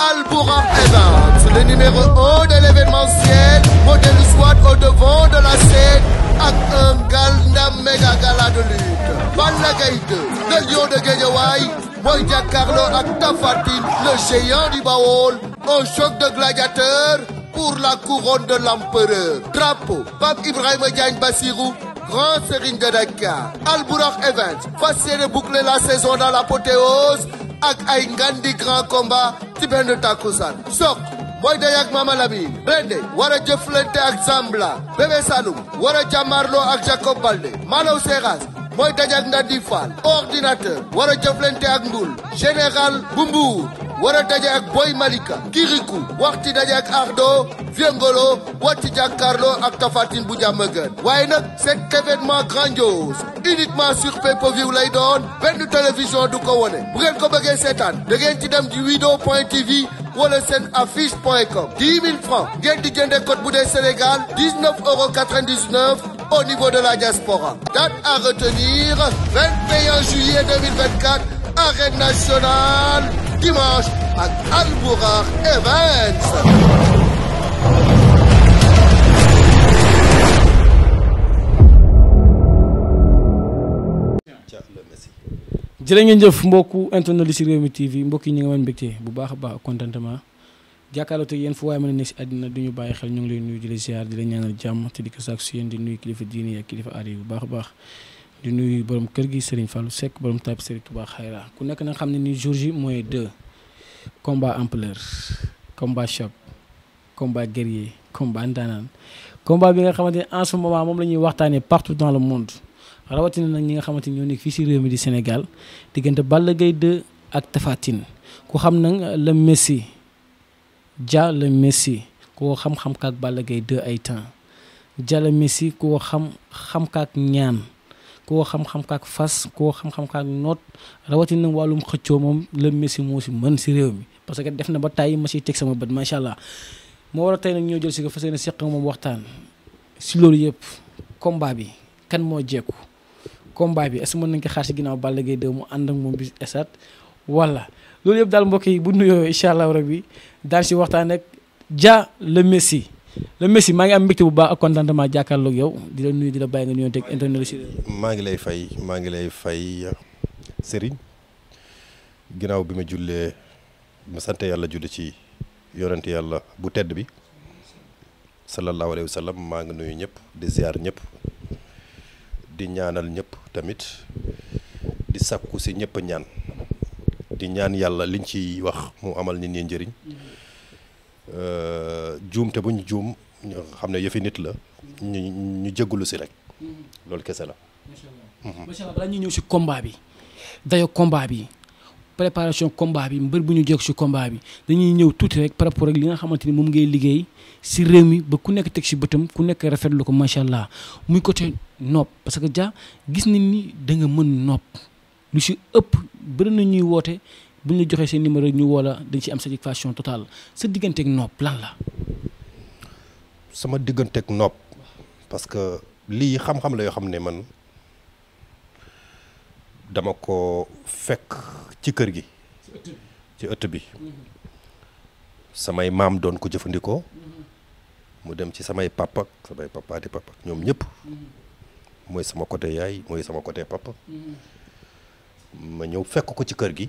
Al-Bourham Events, le numéro 1 de l'événementiel, modèle soit au devant de la scène un gala méga de lutte. Balla Gaye 2, le de Guédiawaye, mooy jàkkaarloo ak Tapha Tine, le géant du Baol, un choc de gladiateurs pour la couronne de l'empereur. Drapeau Pape Ibrahima Diagne Bassirou. Grand Serigne de Dakar Al Bourakh Events fas yéene boucler la saison dans l'apothéose ak ay ngandi grand combat ci benn takkusaan Sokh mooy day ak Mama Lamine Blindé a jëflante ak Zambla Bébé Saloum war a jàmmarloo ak Jacob Baldé Malaw Seras mooy daje ak Ndandi Fall ordinateur war a ak Ndoul général bu war a daje ak Boy Malika Kirikou waxti daje ak Ardo Viengolo wàcc jàkkaarloo ak Tafatine bu jàmm gën waaye nag c'est événement grandiose uniquement sur pay-per-view lay doon benn télévision du ko wone bu ko bëggee seetaan da ngeen ci dem ci widewo point tv wala seen affiche point com 10 000 francs ngeen di jëndee code bu dee Sénégal 19 euros 99 au niveau de la diaspora date à retenir juillet 2024 arène dimanche ak Albourakh Events. jërë ngeen jëf mbokku internet li si Rewmi TV mbokk yi ñu woon mbégte bu baax a baax contentement jàkkaarloo te yéen fu waaye mën a ne àddina du ñu bàyyi xel ñu ngi lay nuyu di la ziar di la ñaanal jàmm te di ko sax si yéen di nuyu kilifa diini ak kilifa aada bu baax a baax di nuyu borom kër gi Serigne Fallou Seck borom taab Serigne Touba Xayra ku nekk na xam ne ni jour ji mooy deux combat ampleur combat choc combat guerrier combat ndaanaan combat bi nga xamante ne en ce moment moom la ñuy waxtaanee partout dans le monde rawatina nag ñi nga xamante ni ñoo nekk fii si réew mi di Sénégal diggante Balla Gaye 2 ak Tapha Tine ku xam nag le Messi Dia le Messi ku xam-xam kaak Balla Gaye 2 ay temps Dia le Messi ku xam xam kaak ñaan. koo xam-xam kaak fas koo xam-xam kaak noot rawatina wàllum xëccoo moom la Messi moo si mën si réew mi parce que def na ba tàyyi ma siy teg sama bët macha allah moo war a ñoo jël si ko fas yéene moom waxtaan si loolu yëpp combat bi kan moo jekku combat bi est-ce que nañ ko xaar si ginnaaw Balla Gaye 2 mu ànd ak moom bi esat walla loolu yëpp daal mbokk yi bu nuyoo incha allah rabi daal si waxtaan rek Dia le Messi. le Messi maa ngi am mbégte bu baax ak contentement jàkkaarloog yow di la nuyu di la bàyyi nga nuyoon teg si maa ngi lay fay maa ngi lay fay Serigne ginnaaw bi ma jullee ma yàlla julli ci yonent yàlla bu tedd bi sallallahu alayhi wa maa ngi nuyu ñëpp di ziar ñëpp di ñaanal ñëpp tamit di sakku si ñëpp ñaan di ñaan yàlla liñ ci wax mu amal nit ñi njëriñ. juumte bu ñu juum ñu xam ne yëfi nit la ñu ñu jégalu si rek mm-hmm. loolu kese la. Mm-hmm. macha allah balaa ñuy ñëw si combat bi dayo combat bi préparation combat bi mbër bu ñu jóg si combat bi dañuy ñëw tuuti rek par rapport ak li nga xamante ni moom ngay liggéey si réew mi ba ku nekk teg si bëtam ku nekk rafetlu ko macha allah muy côté nopp parce que ja gis nañ ni danga mën nopp lu si ëpp bëri na ñuy woote. bu ñu joxee seen numéro ñu woo la dañ ci am satisfaction totale sa digganteeg nopp lan la. sama digganteeg nopp parce que lii xam-xam la yoo xam ne man dama ko fekk ci kër gi. ci ëtt bi. samay maam doon ko jëfandikoo. mu dem ci samay papa samay papa di papa ñoom ñëpp. mooy sama côté yaay mooy sama côté papa. ma ñëw fekk ko ci kër gi.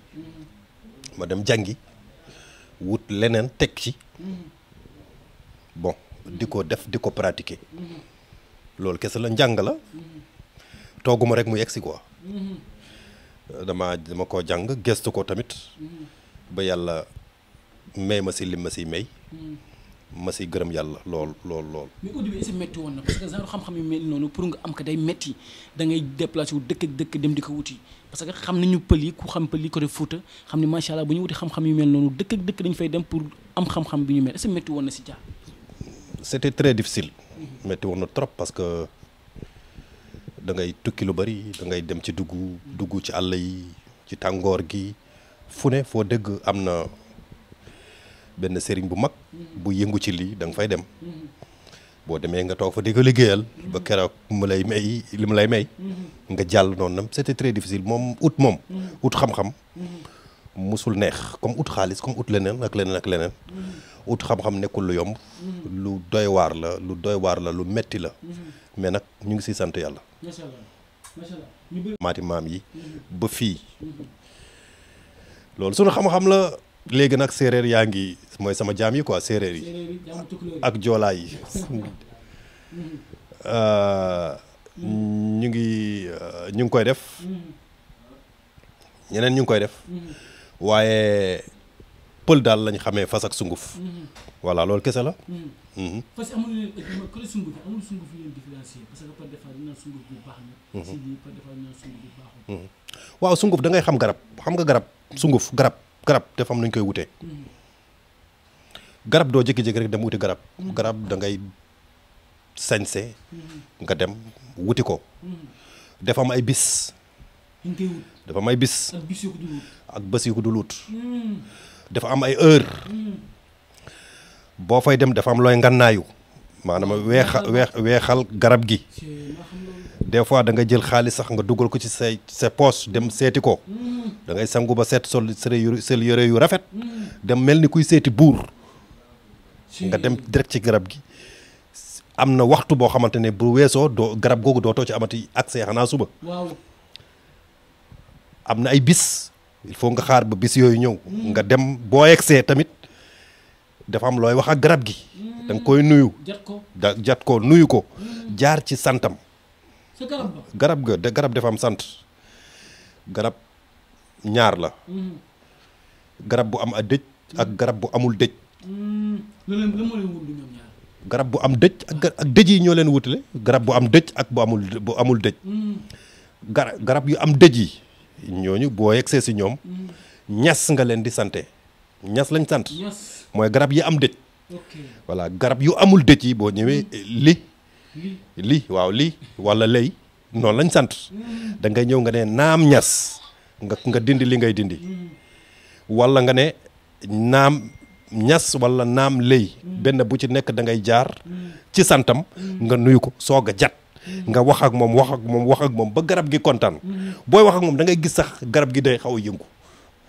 ma dem jàngi wut leneen teg ci bon di ko def di ko pratiquer loolu kes la njàng la tooguma rek mu yegg si quoi dama dama ko jàng gëstu ko tamit ba yàlla may ma si lim ma si may ma si gërëm yàlla lool lool lool. mais au début est-ce que woon na parce que genre xam-xam yu mel noonu pour nga am ko day métti da ngay déplacé wu dëkk dëkk dem di ko wuti. parce que xam nañu pël yi ku xam pël yi côté Fouta xam ni macha allah bu ñu wuti xam-xam yu mel noonu dëkk ak dëkk dañu fay dem pour am xam-xam bi ñu mel est-ce que métti woon na si Dia. c'était très difficile. métti woon na trop parce que da ngay tukki lu bari dangay dem ci dugg dugg ci àll yi ci tàngoor gi fu ne foo dégg am na benn sëriñ bu mag bu yëngu ci lii da nga fay dem. Mm-hmm. boo demee nga toog fa di ko liggéeyal ba keroog mu lay may li mu lay may mhm. nga jàll noonu nam c'était très difficile moom ut moom mhm. ut xam-xam mhm. musul neex comme ut xaalis comme ut leneen ak leneen ut xam-xam nekkul lu yomb lu doy waar la lu doy waar la lu metti la mais nag ñu ngi siy sant yàlla maati maam yi ba fii loolu sunu xam-xam la léegi nag séeréer yaa ngi mooy sama jaam yi ko séeréer yi ak joolaa yi euh, ñu ngi euh, ñu ngi koy def mm-hmm. ñeneen ñu ngi koy def mm-hmm. waaye pël daal lañu xamee fas ak sunguf mm-hmm. voilà loolu kese la parce que waaw sunguf da xam garab xam nga garab sunguf garab garab dafa am lu ñu koy wutee garab doo jékki-jékki rek dem wuti garab mm-hmm. garab da sañse mm-hmm. nga dem wuti ko mm-hmm. dafa am ay bis dafa am ay ak bés yu dafa am ay heure boo fay dem dafa am looy ngannaayu maanaam weexa weex weexal garab gi des fois da nga jël xaalis sax nga dugal ko ci say sa poche dem seeti ko mm. da ngay sangu ba seet sol sel yore yu rafet mm. dem mel ni kuy seeti buur nga dem direct ci garab gi am na waxtu boo xamante ne bu weesoo doo garab googu dootoo ci amati accès xanaa suba waaw am na ay bis il faut nga xaar ba bis yooyu ñëw mm. nga dem boo yegsee tamit dafa am looy wax ak garab gi danga koy nuyu jat ko nuyu ko jaar ci santam garab ga de garab dafa am sant garab ñaar la mm-hmm. garab bu am a dëj ak garab bu amul dëj mm-hmm. garab bu am dëj ak dëj yi ñoo leen wutale garab bu am dëj ak bu amul bu dëj mm-hmm. garab yu am dëj yi ñooñu boo yegsee si ñoom ñas nga leen di sante ñas lañ sant mooy garab yi am dëj voilà garab yu amul dëj yi boo ñëwee li lii waaw lii walla lay noonu lañ sant da ñëw nga ne naam ñas nga nga dindi li ngay dindi wala nga ne naam ñas wala naam lay benn bu ci nekk da ngay jaar ci santam nga nuyu ko soog a jat nga wax ak moom wax ak moom wax ak moom ba garab gi kontaan booy wax ak moom da ngay gis sax garab gi day xaw a yëngu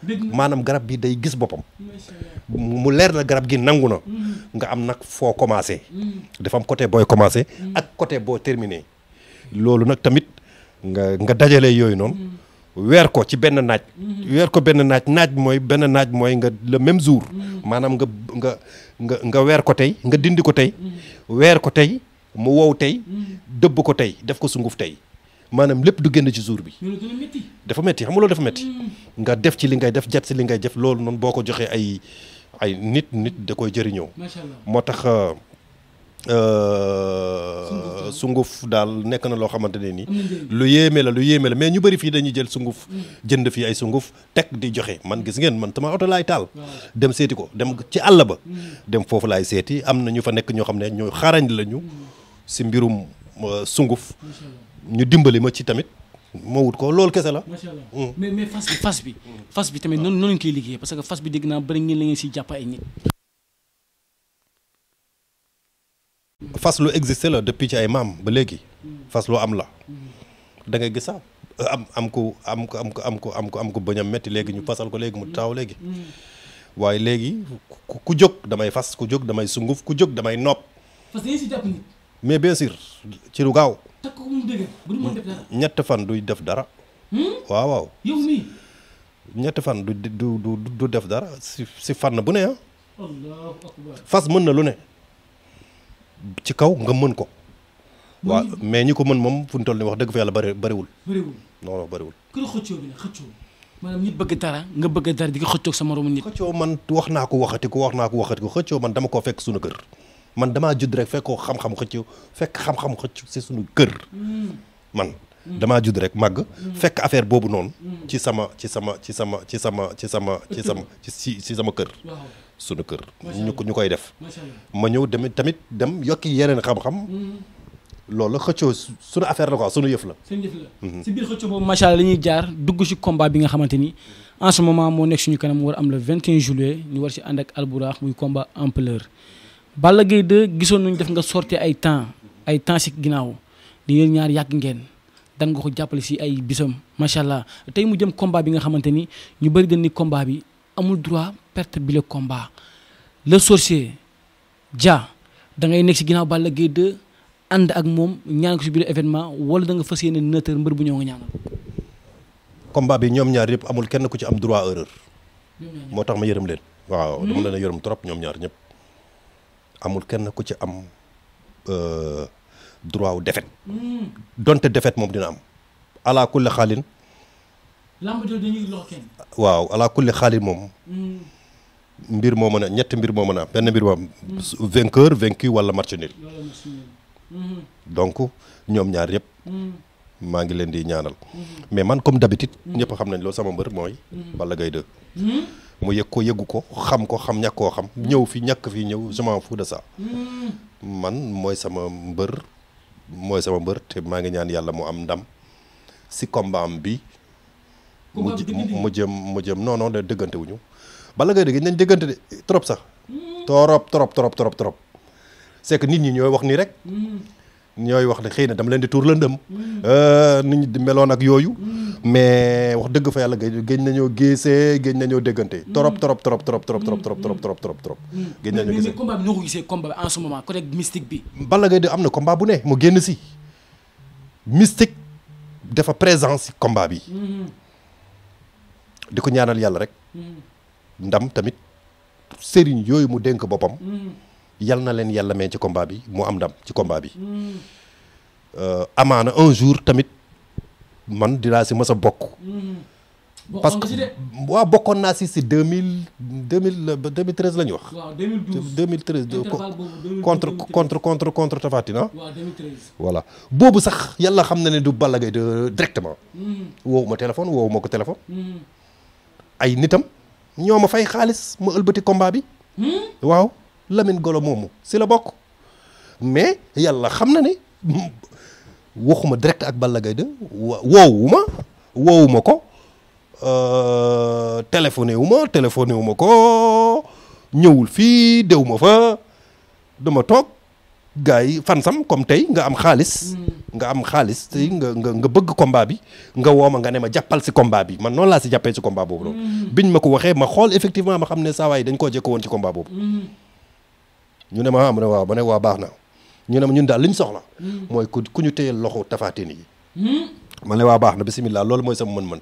maanaam garab bi day gis boppam mu leer la garab gi nangu na nga am nag foo commencé dafa am booy commencé ak côté boo terminé loolu nag tamit nga nga dajale yooyu noonu weer ko ci benn naaj weer ko benn naaj naaj mooy benn naaj mooy nga le même jour maanaam nga nga nga nga weer ko tey nga dindi ko tey weer ko tey mu wow tey dëbb ko tey def ko sunguf tey maanaam lépp du génn ci jour bi. dafa metti xam nga loolu dafa metti hmm. nga def ci li ngay def jat si li ngay def loolu noonu boo ko joxee ay ay nit nit da koy jëriñoo. macha allah moo tax. Euh, euh, sunguf daal nekk na loo xamante ne nii lu yéeme la lu yéeme la mais ñu bari fii dañuy jël sunguf hmm. jënd fii ay sunguf teg di joxe man gis ngeen man sama oto laay taal dem seeti ko dem ci àll ba hmm. dem foofu laay seeti am na ñu fa nekk ñoo xam ne ñu xarañ lañu si mbirum euh, sunguf ñu dimbali ma ci tamit moo wut ko loolu kese la. Mm. fas bi fas bi. fas bi tamit noonu noonu ñu koy liggéeyee parce que fas bi dégg ay nit. lu existé la depuis ci ay maam ba léegi. fas lu am la. dangay ngay gis sax am am ko am ko am ko am ko am ko am ko bañ a metti léegi ñu fasal ko léegi mu taaw léegi. waaye léegi ku jóg damay fas ku jóg damay sunguf ku jóg damay nopp. mais bien ci lu gaaw. ñett fan duy def dara. Hmm? waaw waaw. ñett fan du du du def dara si fan fànn bu ne ah. allahu fas mën na lu ne. ci kaw nga mën ko. waaw mais ñi ko mën moom fu ñu toll nii wax dëgg fa yàlla bëri bëriwul. bëriwul non non bëriwul. kër xëccoo bi la xëccoo. maanaam nit bëgg dara nga bëgg dara di ko man wax naa ko waxati ko wax naa ko waxati ko xëccoo man dama koo fekk sunu kër. man damaa judd rek fekkoo xam-xam xëcc fekk xam-xam xëcc si suñu kër man damaa judd rek màgg fekk affaire boobu noonu ci sama ci sama ci sama ci sama ci sama ci sama ci ci sama kër suñu kër ñu ñu koy def ma ñëw dem tamit dem yokki yeneen xam-xam hmm. loolu la xëccoo suñu affaire la quoi suñu yëf la suñu yëf la hmm. si biir macha la ñuy jaar dugg si combat bi nga xamante ni en ce moment moo nekk suñu kanam war am le 21 juillet ñu war si ànd ak Albourakh muy combat ampleur Balla Gaye 2 gisoon nañu def nga sorte ay temps ay temps si ginnaaw ni yéen ñaar yàgg ngeen dan nga ko jàppale si ay bisam macha allah tey mu jëm combat bi nga xamante ni ñu bëri dañ ni combat bi amul droit perte bi le combat le sorcier Dia da ngay nekk si ginnaaw Balla Gaye ak moom ñaan ko si biir événement wala da nga fas yéene nëtër mbër bu ñëw nga ñaanal. bi ñoom ñaar yëpp amul kenn ko ci am droit erreur. moo tax ma yërëm leen. waaw hmm. dama leen a yërëm trop ñoom ñaar ñëpp. amul kenn ku ci am euh, droit wu défaite donte défaite moom dina am ala xaalin. waaw ala kulli xaalin moom. Hmm. mbir moo mën a ñetti mbir moo mën a am benn mbir moo am. Hmm. vainqueur vaincu wala match nul. Hmm. donc ñoom ñaar yëpp. maa ngi leen di ñaanal. mais man comme d'habitude. ñëpp xam nañ loolu sama mbër mooy. Balla Gaye 2 mu yëg ko yëgu ko xam ko xam ñàkk koo xam hmm. ñëw fi ñàkk fi ñëw je m'en fous de ça hmm. man mooy sama mbër mooy sama mbër te maa ngi ñaan yàlla mu am ndam si combat am bi mu jëm mu jëm non non de bala ngay dégg nañ dëggante de trop sax hmm. trop trop trop trop trop c'est que nit ñi ñooy wax nii rek ñooy wax ne xëy na dama leen di tuur lëndëm euh, nit ñi di meloon ak yooyu mais wax dëgg fa yàlla géej nañoo gisee géej nañoo déggante trop trop trop trop trop trop trop trop trop trop trop géej nañoo gisee mais combat bi noo ko gisee combat bi en bi Balla Gaye de am na komba bu ne mu génn si mystique dafa présence si komba bi di ko ñaanal yàlla rek mm-hmm. ndam tamit sëriñ yooyu mu dénk boppam mm-hmm. yal na leen yàlla may ci combat bi mu am ndam ci combat bi. Euh, amaana un jour tamit man dinaa si mës a bokk. parce que waaw bokkoon naa si si deux mille deux mille euh, ba deux mille wax. contre contre contre contre Tafatina. Ah. waaw boobu sax yàlla xam na ne du Balla Gaye de directement. Hmm. woowu ma téléphone woowu ma ko téléphone. Hmm. ay nitam ñoo ma fay xaalis ma ëlbati combat bi. Hmm? waaw. Lamine Golo moomu si la bokk mais yàlla xam na ne waxuma direct ak Balla Gaye de wowuma woowuma ko euh, téléphoné wu ma téléphoné wu ma ko ñëwul fii dew ma fa dama toog gars yi fansam comme tey nga am xaalis mm. nga am xaalis tey nga nga bëgg combat bi nga woo ma nga ne ma jàppal si combat bi man noonu laa si jàppee si combat boobu noonu mm. biñ ma ko waxee ma xool effectivement ma xam ne saa waay dañ koo jëkk woon ci combat boobu mm. ñu ne ma am ah, ne waaw ba ne waa baax na ñu ne ma ñun daal li ñu soxla mooy ku ku ñu téyel loxo tafaatin yi ma ne waa baax na bisimilah loolu mooy sama mën-mën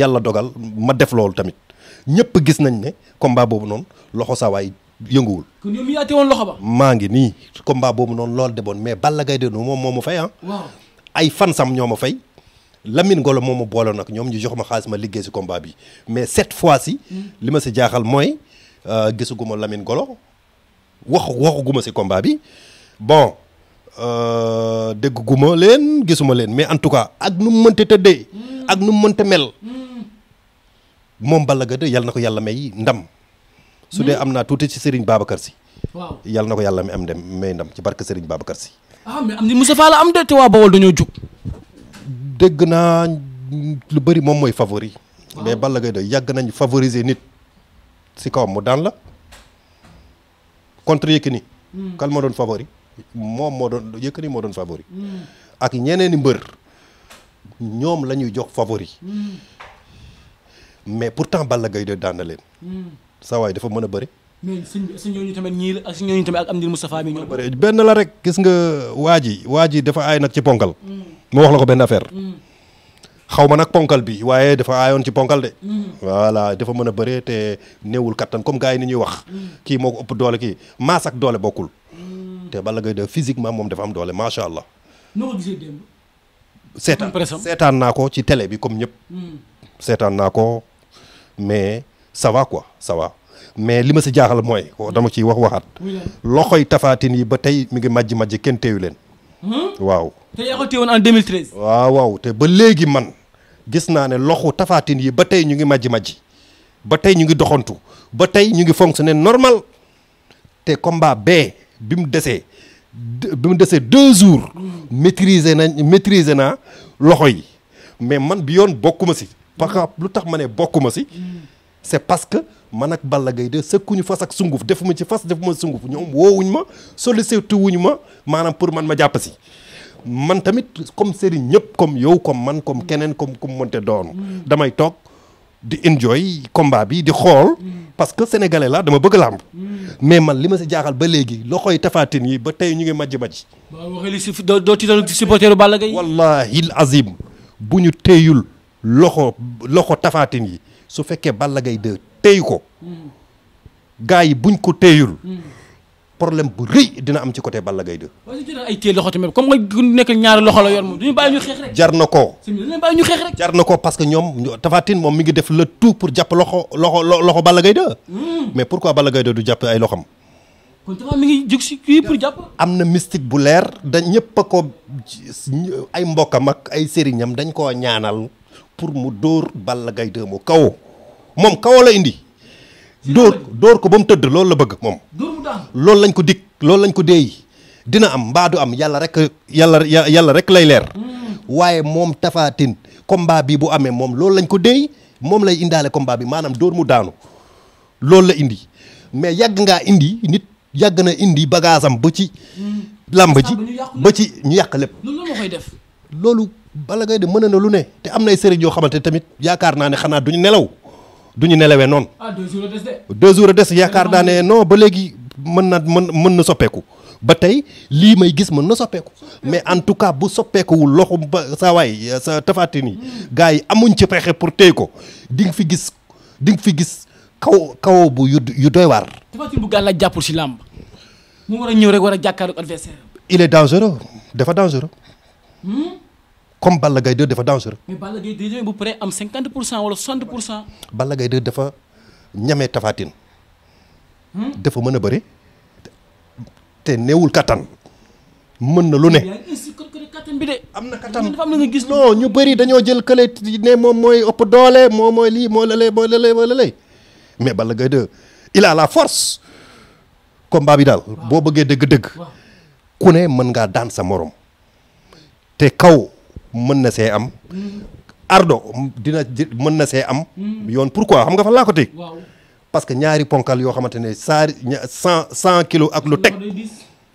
yàlla dogal ma def loolu tamit ñëpp gis nañ ne combat boobu noonu loxo saawaay yënguwul. kon loxo maa ngi nii combat boobu noonu loolu de bon mais Balla dee de moom moom ma fay ah. waaw ay fansam ñoo ma fay. lamin Ngolo moom ma booloon nag ñoom ñu jox ma xaalis ma liggéey si combat bi mais cette fois si mm. li ma si jaaxal mooy euh, gisuguma lamin golo wax waxuguma si combat bi bon euh, dégguma leen gisuma leen mais en tout cas ak nu mu mënta tëddee. Hmm. ak nu mu mënta mel. Hmm. moom Balla Gaye yal na ko yàlla may ndam. su dee hmm. am naa tuuti ci Serigne Babacar Sy. waaw yal na ko yàlla may am dem may ndam ci barke Serigne Babacar Sy. ah mais am ni Moussa Fall am de te waa Bawol dañoo jug. dégg naa lu bëri moom mooy favori. mais Balla Gaye yàgg nañ favoriser nit. si kawam mu daan la. contre Yékini hmm. kan moo doon favori moom moo doon Yékini moo doon favori hmm. ak ñeneeni mbër ñoom lañuy ñuy jox favori hmm. mais pourtant Balla Gaye de daan na leen saa waay dafa mën a bëri mais si ñooñu tamit ñii benn la rek gis nga waa ji waa ji dafa aay nag ci ponkal moo wax la ko benn affaire xaw ma nag ponkal bi waaye dafa aayoon ci ponkal de. Mm. voilà dafa mën a bëree te néewul kattan comme gars yi ni ñuy wax. Mm. kii moo ko ëpp doole kii maas ak doole bokkul. Mm. te Balla Gaye de physiquement moom dafa am doole macha allah. noo seetaan naa ko ci télé bi comme ñëpp. seetaan naa ko mais ça va quoi mais li ma si jaaxal mooy dama ciy wax waxaat. loxoy tafaatin yi ba tey mi ngi majj majj kenn teeyu leen. Hmm? waaw. te yaa ko téyewoon en waaw waaw te ba léegi man gis naa ne loxu tafaatin yi ba tey ñu ngi majji majji ba tey ñu ngi doxantu ba tey ñu ngi fonctionner normal te combat bee bi mu desee bi mu desee deux jours maîtriser nañ maîtriser naa loxo yi mais man bi yoon bokkuma si parce que lu tax ma ne bokkuma si c'est parce que man ak la Gaye de sëkkuñu fas ak sunguf defuma ci fas defuma sunguf ñoom woowuñ ma sollicité wuñ ma maanaam pour man ma jàpp si man tamit comme sëriñ ñëpp comme yow comme man comme keneen comme comme mënte doon mm. damay toog di enjoy combat bi di xool mm. parce que sénégalais la dama bëgg làmb mm. mais man li ma si jaaxal ba léegi loxoy tafaatin yi ba tey ñu ngi majj majj waxee si doo ci doon supporteru Balla ñu téyul loxo loxo tafaatin yi su fekkee Balla Gaye de téy ko gars yi buñ ko téyul problème bu rëy dina am ci côté Balla Gaye 2. waaye ñu jëlee ay téye loxo tamit comme nga nekk ñaari la yor moom du jar na ko. si rek. jar na ko parce que ñoom Tafatine moom mi ngi def le tout pour jàpp loxo loxo loxo Balla hmm. mais pourquoi Balla Gaye 2 du jàpp ay loxam. kon Tafa mi ngi si kii pour am na mystique bu leer da ñëpp a ko ay mbokkam ak ay sëriñam dañ koo ñaanal pour mu dóor Balla Gaye 2 mu kaw moom kaw la indi dóor dóor ko ba mu tëdd loolu la bëgg moom. loolu lañ ko dikk loolu lañ ko deey dina am mbaa du am yàlla rek yàlla yàlla rek lay leer. Hmm. waaye moom tafaatin Tine combat bi bu amee moom loolu lañ ko deey moom lay indaale combat bi maanaam dóor mu daanu loolu la indi mais yàgg ngaa indi nit yàgg na indi bagaasam ba ci. Hmm. làmb ji ba ci ñu yàq lépp. loolu la koy def. loolu bala ngay de mën na lu ne te am nay sëriñ yoo xamante tamit yaakaar naa ne xanaa du ñu nelaw. du ñu nelawee noonu. ah deux jours a des de. yaakaar naa ne ah, non ba léegi mën na mën mën na soppeeku ba tey lii may gis mën na soppeeku mais en tout cas bu soppeekuwul loxo ba sa waay sa tafatin yi hmm. gars yi amuñ ci pexe pour téy ko di nga fi gis di nga fi gis kaw kaw bu yu yu doy waar. tafatin gàll la si làmb mu war a ñëw rek war a jàkkaarloog adversaire. il est dangereux dafa dangereux. Hmm? comme Balla Gaye dafa dangereux. mais Balla Gaye 2 am 50 pour cent wala 60 pour cent. Balla Gaye 2 dafa tafaatin. Hmm? dafa mën a bëri. te neewul kattan. mën na lu ne. am na kattan dafa am gis. ñu bëri dañoo jël kële ne moom mooy ëpp doole moom mooy lii moo lële moo lële moo lële mais Balla Gaye 2 il a la force. combat bi daal boo bëggee dëgg-dëgg. ku ne mën ngaa daan sa morom. te kaw. mën na see am ardo dina mën na see am yoon pourquoi xam nga fa laa ko teg parce que ñaari ponkal yoo xamante ne saa cent cent kilos ak lu teg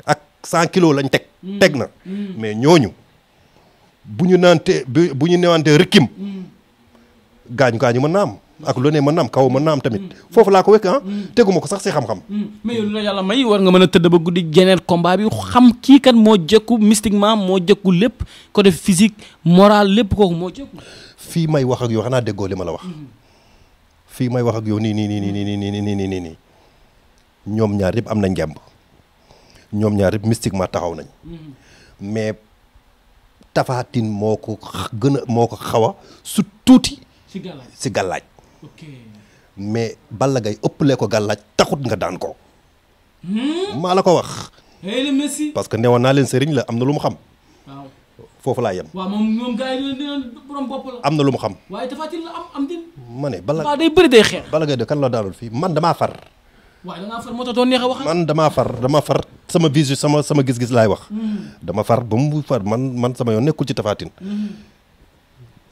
ak cent kilos lañ teg hmm. teg na hmm. mais ñooñu bu ñu naante bu ñu newante rëkkim hmm. gaañu gaañu mën na am ak lu ne mën na am kaw mën na am tamit foofu laa ko wekk ah teguma ko sax si xam-xam hmm. yàlla may war nga mën a tëdd ba guddi jeneer komba bi xam kii kat moo jëkku mystiquement moo jëkku lépp ko def physique moral lépp kooku moo fii may wax ak yow xanaa déggoo li ma la wax hmm. fii may wax ak yow nii nii nii nii nii nii nii nii nii nii ñoom ñaar yëpp am na njàmb ñoom ñaar yëpp mystiquement taxaw nañ hmm. mais Tapha moo ko gën moo ko xaw a su tuuti si gàllaaj mais Balla Gaye ëppalee ko gàllaaj taxut nga daan ko. Hmm? maa la ko wax. Eh, parce que newoon naa leen sëriñ la am na lu mu xam. foofu laa yem. waaw lu mu xam. ma ne Balla waaw day bëri day de kan la daanul fii man damaa far. waaye da ngaa far damaa far damaa far sama visu sama sama gis-gis laay wax. Hmm. dama far ba mu far man man sama yoon nekkul ci tafaatin. Hmm.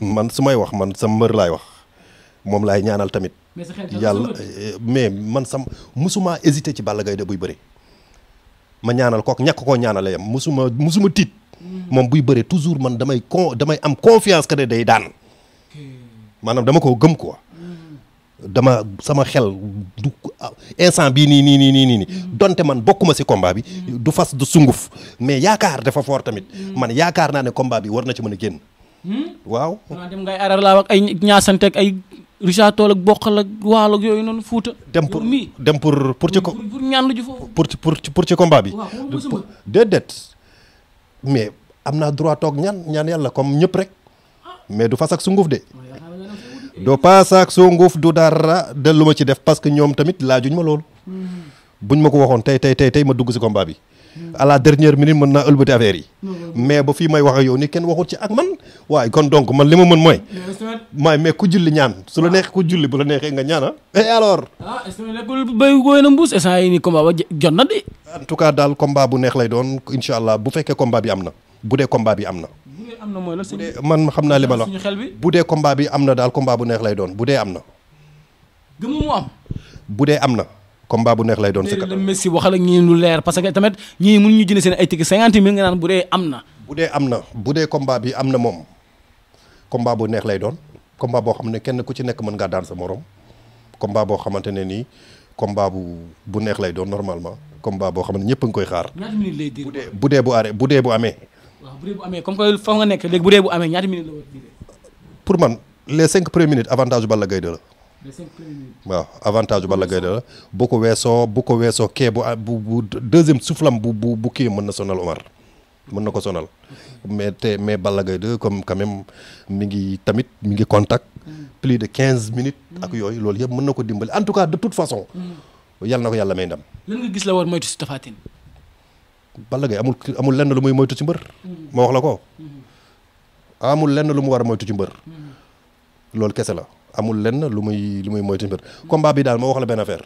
man su may wax man sama mbër laay wax. moom laay ñaanal tamit. yàlla mais man sam musuma hésité ci Balla gay de buy bëri. ma ñaanal kook ñàkk koo ñaanale yam musuma musuma tiit. Mm-hmm. moom buy bëri toujours man damay con damay am confiance que ne day daan. maanaam dama ko gëm quoi. Mm-hmm. dama sama xel du instant bi nii nii nii nii nii mm-hmm. donte man bokkuma si combat bi. du fas du sunguf mais yaakaar dafa fort tamit. man yaakaar naa ne combat bi war na ci mën a génn. Hmm? waaw. ñaasante ak ay. Richard tool ak boq la waalo yooyu noonu Fuuta. dem pour dem pour pour ci. pour ñaan lu foofu. pour ci pour ci pour ci combat bi. waaw déedéet mais am naa droit toog ñaan ñaan yàlla comme ñëpp rek mais du fas ak sunguf de. doo paas ak sunguf du dara de lu ci def parce que ñoom tamit laa juñ ma loolu. Hmm. buñ ma ko waxoon tey tey tey tey ma dugg si combat bi. allah la dernière minute mën naa ëlbati affaire yi. mais ba fii may waxee ak yow ni kenn waxut ci ak man. waaye kon donc man li ma mën mooy. maay mais ku julli ñaan su la neexee ku julli bu la neexee nga ñaan ah. et eh, alors. ah est ce que nekkul béy wóoy na mbuus instant yii nii combat ba jot na di. en tout cas daal combat bu neex lay doon incha allah bu fekkee combat bi am na. bu dee combat bi am na. am na mooy la man xam naa li ma la wax bu dee combat bi am na daal combat bu neex lay doon bu dee am na. gëmu mu bu dee am na. combat bu neex lay doon. si kanam Messi waxal ak ñii lu leer parce que tamit ñii mënuñu jënd seen ay ticket cinquante mille nga naan bu dee am na. bu dee am na bu dee combat bi am na moom combat bu neex lay doon combat boo xam ne kenn ku ci nekk mën ngaa daan sa morom combat boo xamante ne nii combat bu bu neex lay doon normalement combat boo xam ne ñëpp a koy xaar. ñaata minute bu dee bu dee bu dee bu amee. waaw amee comme que fa nga nekk léegi bu dee bu amee ñaata minute la pour man les cinq premières minutes avantage Balla Gaye de la. waaw avantage bu Balla Gaye la bu ko weesoo bu ko weesoo kee bu bu bu deuxième soufflam bu bu bu kii mën na sonal Omar mën na ko sonal mais te mais Balla Gaye 2 comme quand mi ngi tamit mi ngi contact plus de quinze minutes ak yooyu loolu yëpp mën na ko dimbali en tout cas de toute façon yàlla na ko yàlla may ndam lan nga gis la war moytu Balla Gaye amul lenn lu muy moytu ci mbër ma wax la ko amul lenn lu mu war a moytu ci mbër loolu kese la amul lenn lu muy lu muy moytu mbir combat bi daal moo wax la benn affaire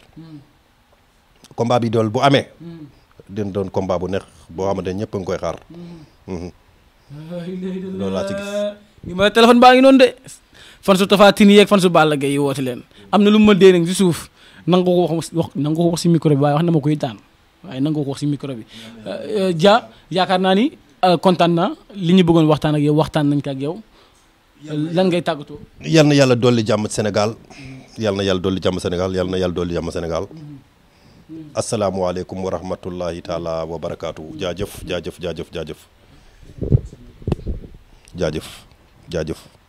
combat bi dool bu amee dina doon combat bu neex boo xamante ne ñëpp a ngi koy xaar mhm. loolu laa ci gis ngi ma de fan su Tapha Tine yeeg fan su Balla Gaye yi woote leen am na lu ma dee nag ci suuf nanga ko wax wax nanga ko wax ci micro bi waaye wax na ma koy daan waaye nanga ko wax ci micro bi euh, euh, Dia yaakaar naa ni euh, kontaan na li ñu bëggoon waxtaan ak yow waxtaan nañ ko ak lan ngay tàggatoo. yal na yàlla dolli jàmm Sénégal yal na yàlla dolli jàmm Sénégal yal na yàlla dolli jàmm Sénégal mm-hmm. asalaamualeykum wa rahmatullahi taala wa barakaatu jaajëf jaajëf jaajëf jaajëf jaajëf jaajëf.